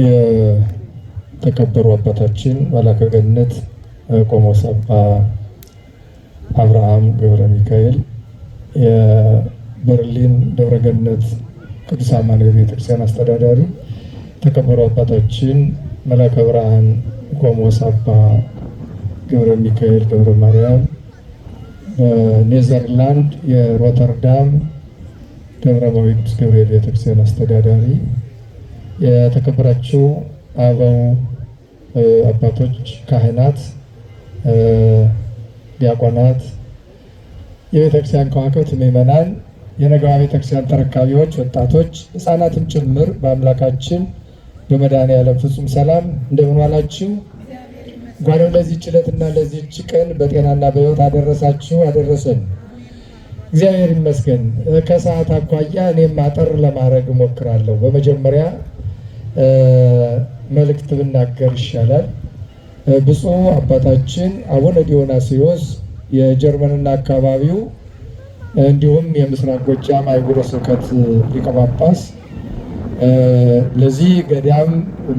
የተከበሩ አባታችን መላከ ገነት ቆሞስ አባ አብርሃም ገብረ ሚካኤል የበርሊን ደብረገነት ቅዱስ አማኑኤል ቤተክርስቲያን አስተዳዳሪ፣ የተከበሩ አባታችን መላከ ብርሃን ቆሞስ አባ ገብረ ሚካኤል ገብረ ማርያም በኔዘርላንድ የሮተርዳም ደብረ ማዊ ቅዱስ ገብርኤል ቤተክርስቲያን አስተዳዳሪ የተከበራችሁ አበው አባቶች፣ ካህናት፣ ዲያቆናት፣ የቤተክርስቲያን ከዋክብት ምእመናን፣ የነገዋ ቤተክርስቲያን ተረካቢዎች፣ ወጣቶች፣ ህፃናትም ጭምር በአምላካችን በመድኃኔዓለም ፍጹም ሰላም እንደምን ዋላችሁ? እንኳንም ጭለትና ዕለትና ለዚህች ቀን በጤናና በህይወት አደረሳችሁ አደረሰን። እግዚአብሔር ይመስገን። ከሰዓት አኳያ እኔም አጠር ለማድረግ እሞክራለሁ። በመጀመሪያ መልእክት ብናገር ይሻላል። ብፁዕ አባታችን አቡነ ዲዮናስዮስ የጀርመንና አካባቢው እንዲሁም የምስራቅ ጎጃም አህጉረ ስብከት ሊቀ ጳጳስ ለዚህ ገዳም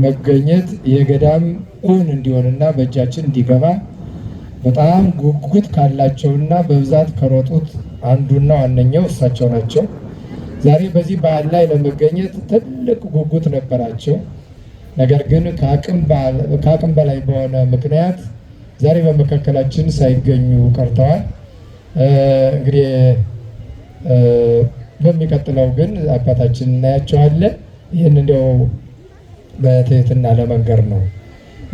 መገኘት የገዳም እውን እንዲሆንና በእጃችን እንዲገባ በጣም ጉጉት ካላቸውና በብዛት ከሮጡት አንዱና ዋነኛው እሳቸው ናቸው። ዛሬ በዚህ በዓል ላይ ለመገኘት ትልቅ ጉጉት ነበራቸው። ነገር ግን ከአቅም በላይ በሆነ ምክንያት ዛሬ በመካከላችን ሳይገኙ ቀርተዋል። እንግዲህ በሚቀጥለው ግን አባታችን እናያቸዋለን። ይህን እንዲያው በትህትና ለመንገር ነው።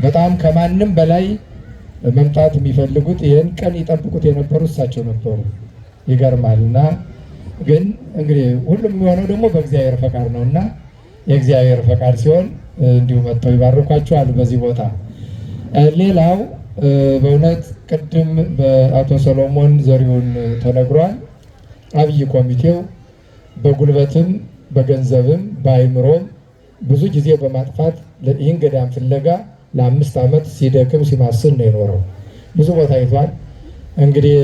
በጣም ከማንም በላይ መምጣት የሚፈልጉት ይህን ቀን ይጠብቁት የነበሩ እሳቸው ነበሩ። ይገርማል እና ግን እንግዲህ ሁሉም የሚሆነው ደግሞ በእግዚአብሔር ፈቃድ ነው እና የእግዚአብሔር ፈቃድ ሲሆን እንዲሁ መጥተው ይባርኳቸዋል በዚህ ቦታ። ሌላው በእውነት ቅድም በአቶ ሰሎሞን ዘሪሁን ተነግሯል። አብይ ኮሚቴው በጉልበትም በገንዘብም በአይምሮም ብዙ ጊዜ በማጥፋት ይህን ገዳም ፍለጋ ለአምስት ዓመት ሲደክም ሲማስል ነው የኖረው። ብዙ ቦታ አይቷል እንግዲህ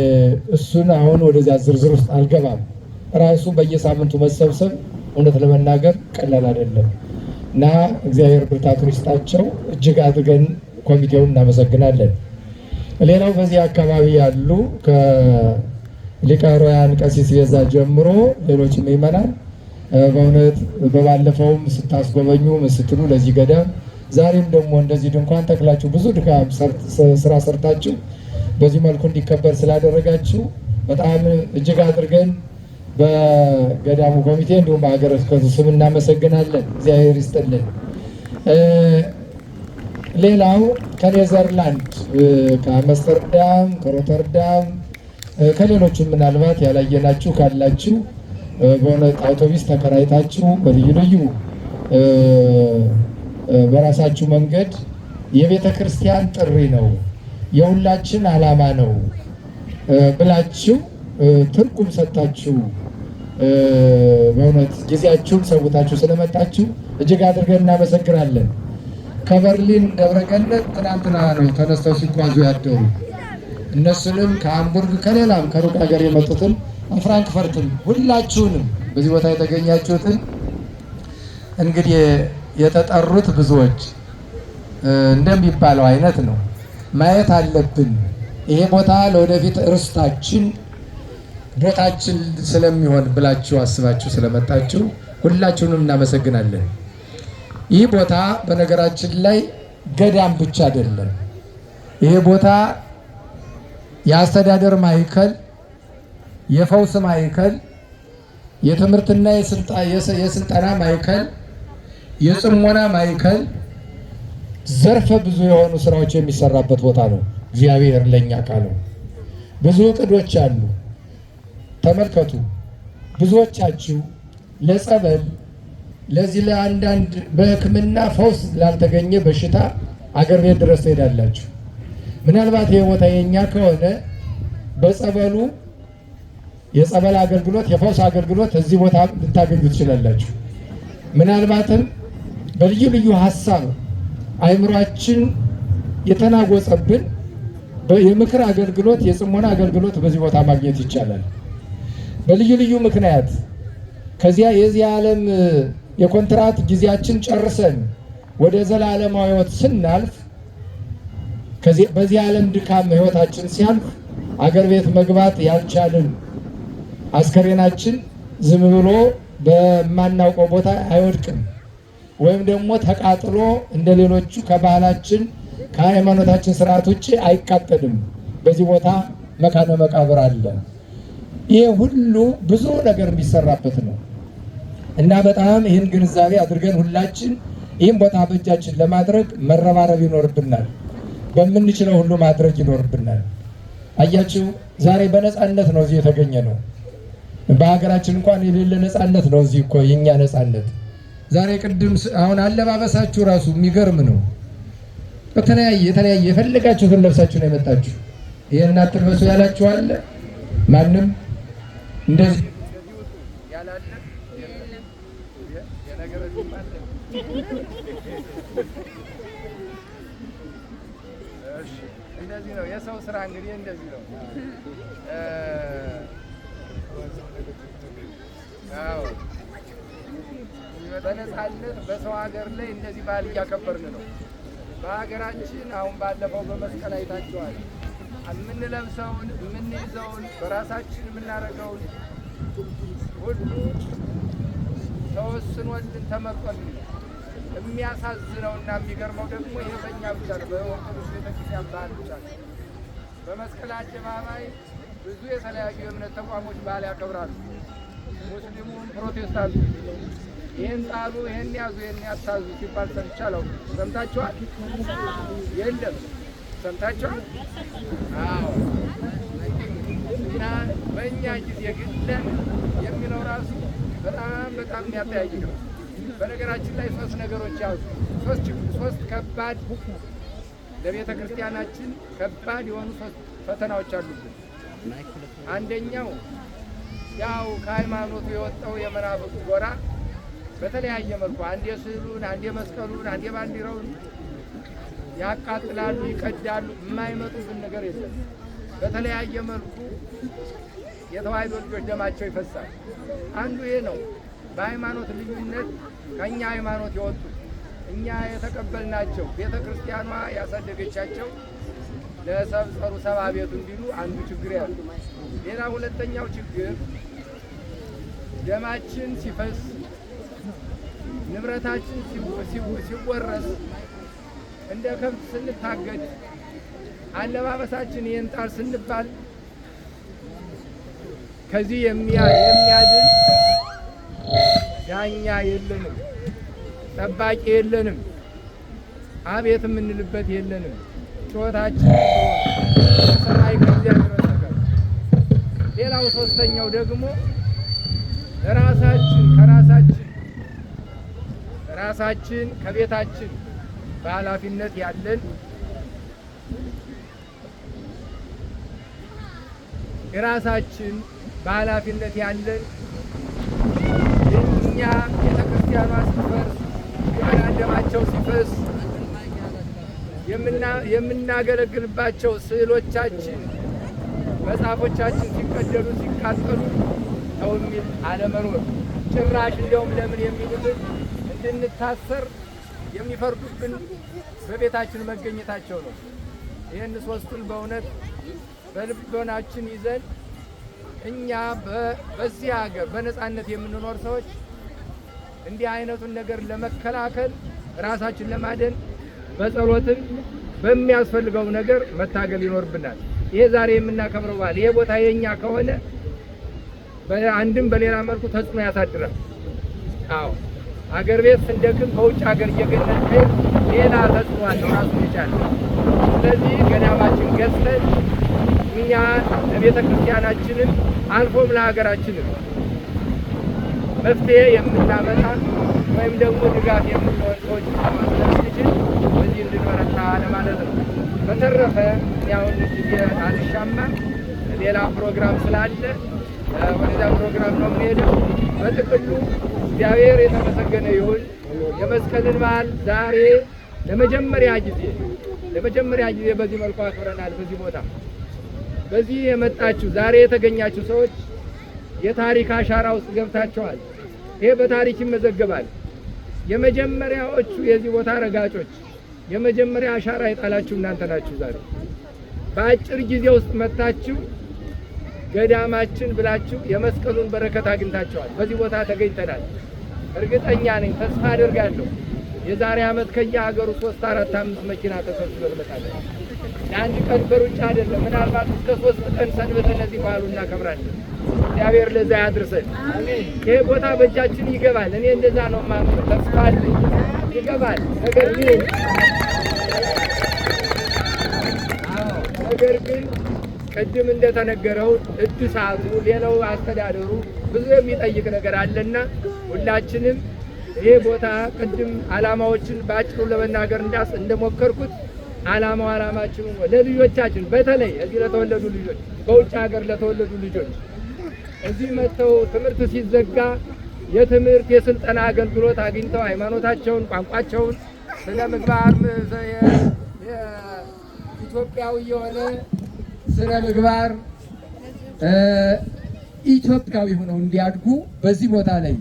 እሱን አሁን ወደዚያ ዝርዝር ውስጥ አልገባም። ራሱ በየሳምንቱ መሰብሰብ እውነት ለመናገር ቀላል አይደለም እና እግዚአብሔር ብርታቱን ይስጣቸው። እጅግ አድርገን ኮሚቴውን እናመሰግናለን። ሌላው በዚህ አካባቢ ያሉ ከሊቀ ቀሲስ ቤዛ ጀምሮ ሌሎች ምዕመናን በእውነት በባለፈውም ስታስጎበኙ ስትሉ ለዚህ ገዳም ዛሬም ደግሞ እንደዚህ ድንኳን ተክላችሁ ብዙ ድካም ስራ ሰርታችሁ በዚህ መልኩ እንዲከበር ስላደረጋችሁ በጣም እጅግ አድርገን በገዳሙ ኮሚቴ እንዲሁም በሀገረ ስብከቱ ስም እናመሰግናለን። እግዚአብሔር ይስጥልን። ሌላው ከኔዘርላንድ ከአምስተርዳም፣ ከሮተርዳም፣ ከሌሎቹም ምናልባት ያላየናችሁ ካላችሁ በእውነት አውቶቢስ ተከራይታችሁ በልዩ ልዩ በራሳችሁ መንገድ የቤተ ክርስቲያን ጥሪ ነው፣ የሁላችን ዓላማ ነው ብላችሁ ትርጉም ሰጥታችሁ በእውነት ጊዜያችሁን ሰውታችሁ ስለመጣችሁ እጅግ አድርገን እናመሰግናለን። ከበርሊን ደብረገነት ትናንትና ነው ተነስተው ሲጓዙ ያደሩ። እነሱንም ከሀምቡርግ ከሌላም ከሩቅ ሀገር የመጡትን ፍራንክፈርትን ሁላችሁንም በዚህ ቦታ የተገኛችሁትን እንግዲህ የተጠሩት ብዙዎች እንደሚባለው አይነት ነው ማየት አለብን። ይሄ ቦታ ለወደፊት እርስታችን ቦታችን ስለሚሆን ብላችሁ አስባችሁ ስለመጣችሁ ሁላችሁንም እናመሰግናለን። ይህ ቦታ በነገራችን ላይ ገዳም ብቻ አይደለም። ይሄ ቦታ የአስተዳደር ማዕከል፣ የፈውስ ማዕከል፣ የትምህርትና የስልጠና ማዕከል፣ የጽሞና ማዕከል፣ ዘርፈ ብዙ የሆኑ ስራዎች የሚሰራበት ቦታ ነው። እግዚአብሔር ለእኛ ቃሉ ብዙ እቅዶች አሉ። ተመልከቱ። ብዙዎቻችሁ ለጸበል ለዚህ ለአንዳንድ በሕክምና ፈውስ ላልተገኘ በሽታ አገር ቤት ድረስ ትሄዳላችሁ። ምናልባት ይህ ቦታ የኛ ከሆነ በጸበሉ የጸበል አገልግሎት የፈውስ አገልግሎት እዚህ ቦታ ልታገኙ ትችላላችሁ። ምናልባትም በልዩ ልዩ ሀሳብ አይምሯችን የተናወጸብን የምክር አገልግሎት የጽሞና አገልግሎት በዚህ ቦታ ማግኘት ይቻላል። በልዩ ልዩ ምክንያት ከዚያ የዚያ ዓለም የኮንትራት ጊዜያችን ጨርሰን ወደ ዘላለማዊ ህይወት ስናልፍ በዚህ ዓለም ድካም ህይወታችን ሲያልፍ አገር ቤት መግባት ያልቻልን አስከሬናችን ዝም ብሎ በማናውቀው ቦታ አይወድቅም፣ ወይም ደግሞ ተቃጥሎ እንደ ሌሎቹ ከባህላችን ከሃይማኖታችን ስርዓት ውጭ አይቃጠልም። በዚህ ቦታ መካነ መቃብር አለ። ይህ ሁሉ ብዙ ነገር የሚሰራበት ነው እና በጣም ይህን ግንዛቤ አድርገን ሁላችን ይህን ቦታ በእጃችን ለማድረግ መረባረብ ይኖርብናል። በምንችለው ሁሉ ማድረግ ይኖርብናል። አያችሁ፣ ዛሬ በነፃነት ነው እዚህ የተገኘ ነው። በሀገራችን እንኳን የሌለ ነፃነት ነው እዚህ እኮ የእኛ ነፃነት። ዛሬ ቅድም አሁን አለባበሳችሁ ራሱ የሚገርም ነው። በተለያየ የተለያየ የፈለጋችሁትን ለብሳችሁ ነው የመጣችሁ። ይህን አትልበሱ ያላችሁ አለ ማንም እንደዚህ ነው የሰው ስራ እንግዲህ እንደዚህ ነው። አዎ በነፃነት በሰው ሀገር ላይ እንደዚህ በዓል እያከበርን ነው። በሀገራችን አሁን ባለፈው በመስቀል አይታችኋል። የምንለብሰውን የምንይዘውን በራሳችን የምናደርገውን ሁሉ ተወስኖልን ተመርጦልን። የሚያሳዝነውና የሚገርመው ደግሞ ይህ በእኛ ብቻ ነው፣ በኦርቶዶክስ ቤተክርስቲያን ባህል ብቻ ነው። በመስቀል አደባባይ ብዙ የተለያዩ የእምነት ተቋሞች ባህል ያከብራሉ። ሙስሊሙን፣ ፕሮቴስታንቱ ይህን ጣሉ፣ ይህን ያዙ፣ ይህን ያታዙ ሲባል ሰምቻለሁ። ሰምታችኋል? የለም ሰምታችኋል። አዎ እና በእኛ ጊዜ ግን የሚለው ራሱ በጣም በጣም የሚያጠያይቅ ነው። በነገራችን ላይ ሶስት ነገሮች ያዙ። ሶስት ከባድ ለቤተ ክርስቲያናችን ከባድ የሆኑ ፈተናዎች አሉብን። አንደኛው ያው ከሃይማኖቱ የወጣው የመናፍቁ ጎራ በተለያየ መልኩ አንዴ ስዕሉን፣ አንዴ መስቀሉን፣ አንዴ ባንዲራውን ያቃጥላሉ፣ ይቀዳሉ። የማይመጡብን ነገር የለም። በተለያየ መልኩ የተዋሕዶ ልጆች ደማቸው ይፈሳል። አንዱ ይሄ ነው። በሃይማኖት ልዩነት ከእኛ ሃይማኖት የወጡ እኛ የተቀበልናቸው ቤተ ክርስቲያኗ ያሳደገቻቸው ለሰብ ጸሩ ሰባ ቤቱ እንዲሉ አንዱ ችግር ያሉ። ሌላ ሁለተኛው ችግር ደማችን ሲፈስ ንብረታችን ሲወረስ እንደ ከብት ስንታገድ፣ አለባበሳችን የንጣር ስንባል ከዚህ የሚያድን ዳኛ የለንም፣ ጠባቂ የለንም፣ አቤት የምንልበት የለንም። ጩኸታችን ሰማይ ከዚያ በስተቀር። ሌላው ሶስተኛው ደግሞ ራሳችን ከራሳችን ራሳችን ከቤታችን በኃላፊነት ያለን የራሳችን በኃላፊነት ያለን እኛ ቤተክርስቲያኗ ሲፈርስ የመዳደማቸው ሲፈስ የምናገለግልባቸው ስዕሎቻችን መጽሐፎቻችን ሲቀደሉ ሲቃጠሉ ተው የሚል አለመኖር ጭራሽ እንዲያውም ለምን የሚልብን እንድንታሰር የሚፈርዱብን በቤታችን መገኘታቸው ነው። ይህን ሶስቱን በእውነት በልቦናችን ይዘን እኛ በዚህ ሀገር በነፃነት የምንኖር ሰዎች እንዲህ አይነቱን ነገር ለመከላከል ራሳችን ለማደን በጸሎትም በሚያስፈልገው ነገር መታገል ይኖርብናል። ይሄ ዛሬ የምናከብረው በዓል ይሄ ቦታ የእኛ ከሆነ በአንድም በሌላ መልኩ ተጽዕኖ ያሳድራል። አዎ አገር ቤት ስንደክም ከውጭ ሀገር እየገኘን ሌላ ተጽዕኖ አለው ራሱን የቻለ። ስለዚህ ገዳማችን ገዝተን እኛ ለቤተ ክርስቲያናችንም አልፎም ለሀገራችንም መፍትሄ የምናመጣ ወይም ደግሞ ድጋፍ የምንሆን ሰዎች ማስለስችል በዚህ እንድንበረታ ለማለት ነው። በተረፈ ያሁን ጊዜ አልሻማ ሌላ ፕሮግራም ስላለ ወደዛ ፕሮግራም ነው የሚሄደው። በጥቅሉ እግዚአብሔር የተመሰገነ ይሁን። የመስቀልን በዓል ዛሬ ለመጀመሪያ ጊዜ ለመጀመሪያ ጊዜ በዚህ መልኩ አክብረናል። በዚህ ቦታ በዚህ የመጣችሁ ዛሬ የተገኛችሁ ሰዎች የታሪክ አሻራ ውስጥ ገብታችኋል። ይሄ በታሪክ ይመዘገባል። የመጀመሪያዎቹ የዚህ ቦታ ረጋጮች፣ የመጀመሪያ አሻራ የጣላችሁ እናንተ ናችሁ። ዛሬ በአጭር ጊዜ ውስጥ መጥታችሁ ገዳማችን ብላችሁ የመስቀሉን በረከት አግኝታቸዋል። በዚህ ቦታ ተገኝተናል። እርግጠኛ ነኝ፣ ተስፋ አድርጋለሁ። የዛሬ ዓመት ከየ ሶስት አራት አምስት መኪና ተሰብስበ ልመጣለ። ለአንድ ቀን በሩጫ አይደለም፣ ምናልባት እስከ ሶስት ቀን ሰንበት እነዚህ በዓሉ እናከብራለን። እግዚአብሔር ለዛ ያድርሰን። ይሄ ቦታ በእጃችን ይገባል። እኔ እንደዛ ነው ማ ተስፋ አለኝ። ይገባል ነገር ግን ነገር ግን ቅድም እንደተነገረው እድሳቱ፣ ሌላው አስተዳደሩ ብዙ የሚጠይቅ ነገር አለና ሁላችንም ይህ ቦታ ቅድም አላማዎችን በአጭሩ ለመናገር እንዳስ እንደሞከርኩት አላማው አላማችን ለልጆቻችን በተለይ እዚህ ለተወለዱ ልጆች በውጭ ሀገር ለተወለዱ ልጆች እዚህ መጥተው ትምህርት ሲዘጋ የትምህርት የስልጠና አገልግሎት አግኝተው ሃይማኖታቸውን፣ ቋንቋቸውን ስነ ምግባር ኢትዮጵያዊ የሆነ ስነ ምግባር ኢትዮጵያዊ ሆነው እንዲያድጉ በዚህ ቦታ ላይ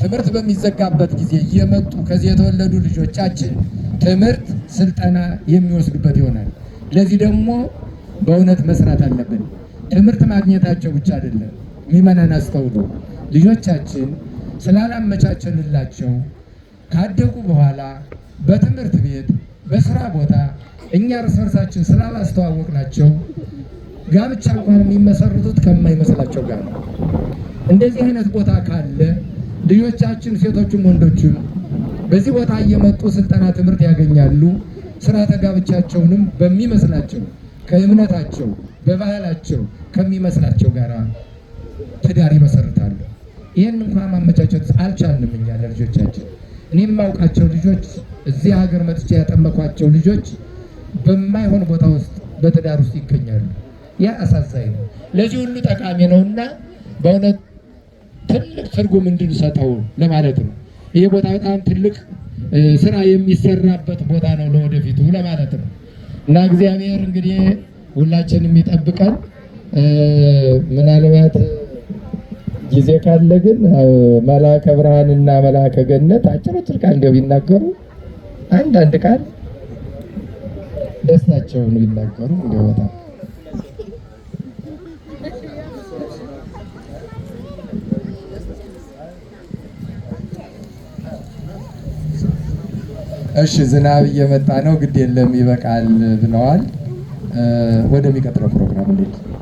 ትምህርት በሚዘጋበት ጊዜ እየመጡ ከዚህ የተወለዱ ልጆቻችን ትምህርት፣ ስልጠና የሚወስዱበት ይሆናል። ለዚህ ደግሞ በእውነት መስራት አለብን። ትምህርት ማግኘታቸው ብቻ አይደለም። ሚመናን አስተውሉ። ልጆቻችን ስላላመቻቸንላቸው ካደጉ በኋላ በትምህርት ቤት፣ በስራ ቦታ እኛ እርስ በርሳችን ስላላስተዋወቅናቸው ጋብቻ እንኳን የሚመሰርቱት ከማይመስላቸው ጋር ነው። እንደዚህ አይነት ቦታ ካለ ልጆቻችን ሴቶችም ወንዶችም በዚህ ቦታ እየመጡ ስልጠና ትምህርት ያገኛሉ። ስርዓተ ጋብቻቸውንም በሚመስላቸው ከእምነታቸው በባህላቸው ከሚመስላቸው ጋር ትዳር ይመሰርታሉ። ይህን እንኳን ማመቻቸት አልቻልንም እኛ ለልጆቻችን። እኔ የማውቃቸው ልጆች እዚህ ሀገር መጥቼ ያጠመኳቸው ልጆች በማይሆን ቦታ ውስጥ በትዳር ውስጥ ይገኛሉ። ያ አሳዛኝ ነው። ለዚህ ሁሉ ጠቃሚ ነውና በእውነት ትልቅ ትርጉም እንድንሰጠው ለማለት ነው። ይህ ቦታ በጣም ትልቅ ስራ የሚሰራበት ቦታ ነው ለወደፊቱ ለማለት ነው እና እግዚአብሔር እንግዲህ ሁላችን የሚጠብቀን ምናልባት ጊዜ ካለ ግን መልአከ ብርሃንና መልአከ ገነት አጭር አጭር ቃል ገብ ይናገሩ አንዳንድ ቃል ደስታቸውን ቢናገሩ እንዲወጣ እሺ ዝናብ እየመጣ ነው፣ ግድ የለም ይበቃል ብለዋል። ወደሚቀጥለው ፕሮግራም እንሂድ።